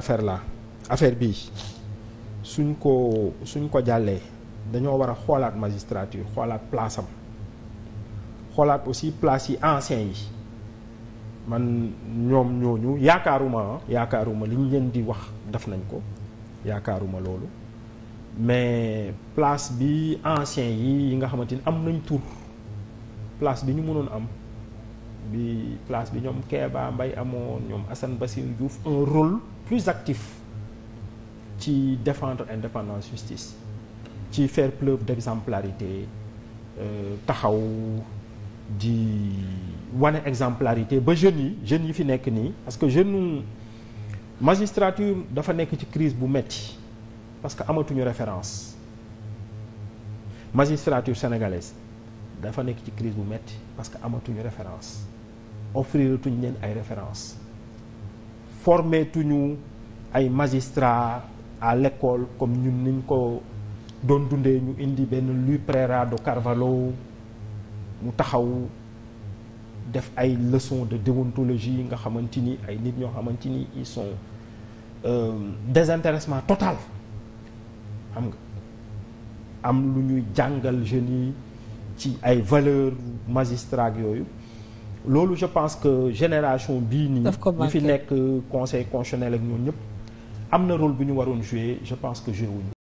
affaire la affaire bii suñ ko suñ ko jàllee dañoo war a xoolaat magistrature xoolaat place am xoolaat aussi place yi anciens yi man ñoom ñooñu yaakaaruma yaakaaruma li ñu leen di wax def nañ ko yaakaaruma loolu mais place bi anciens yi yi nga xamante ni am nañ tur place bi ñu mënoon am bi place bi ñoom Kéba mbay amoon ñoom Assane Bassirou Diouf un rôle plus actif ci défendre indépendance justice ci faire preuve d'exemplarité euh, taxaw di wane exemplarité ba jeunes yi jeunes yi fi nekk nii parce que jeune magistrature dafa nekk ci crise bu metti parce que amatuñu référence magistrature sénégalaise dafa nekk ci crise bu metti parce que amatuñu référence offrir tuñ ay référence formeetuñu ay magistrats à l'école comme ñun niñ ko doon dundee ñu indi benn lu Pereira de Carvalho mu taxaw def ay leçons de déontologie nga xamante ni ay nit ñoo xamante ni ils sont euh, désintéressement total xam nga am lu ñuy jàngal jeunes yi ci ay valeurs magistrat yooyu loolu je pense que génération bii nii ñi fi nekk euh, conseil constitutionnel ak ñoom ñëpp am na rôle bu ñu waroon jouer je pense que joué wuñu